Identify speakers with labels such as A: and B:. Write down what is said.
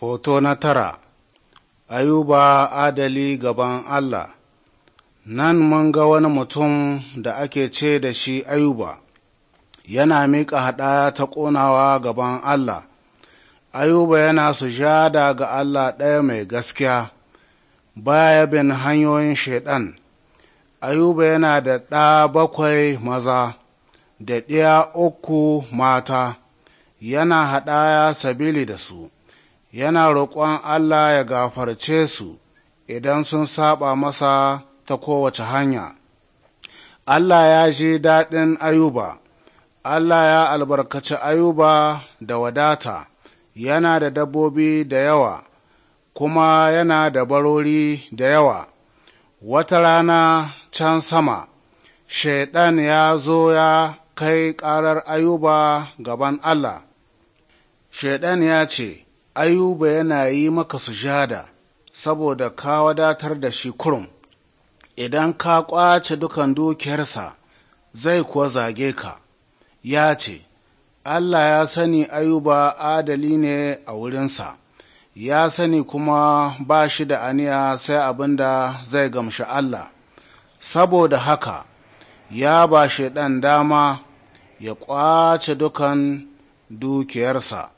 A: Foto na tara Ayuba adali gaban Allah Nan mun ga wani mutum da ake ce da shi Ayuba, yana miƙa haɗaya ta ƙonawa gaban Allah, Ayuba yana sujada ga Allah ɗaya mai gaskiya, baya bin hanyoyin Shaiɗan. Ayuba yana da ɗa bakwai maza, da ɗiya uku mata, yana haɗaya sabili da su. yana roƙon Allah ya gafarce su idan sun saba masa ta kowace hanya. Allah ya ji daɗin Ayuba, Allah ya albarkaci Ayuba da wadata, yana da dabbobi da yawa, kuma yana da barori da yawa. Wata rana can sama, Shaiɗan ya zo ya kai ƙarar Ayuba gaban Allah. Shaiɗan ya ce, ayuba yana yi maka sujada saboda ka wadatar da shi kurum idan ka ƙwace dukan dukiyarsa zai kuwa zage ka ya ce allah ya sani ayuba adali ne a wurinsa ya sani kuma ba shi da aniya sai abin da zai gamshi allah saboda haka ya ba shi ɗan dama ya ƙwace dukan dukiyarsa